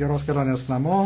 geros kelionės namo.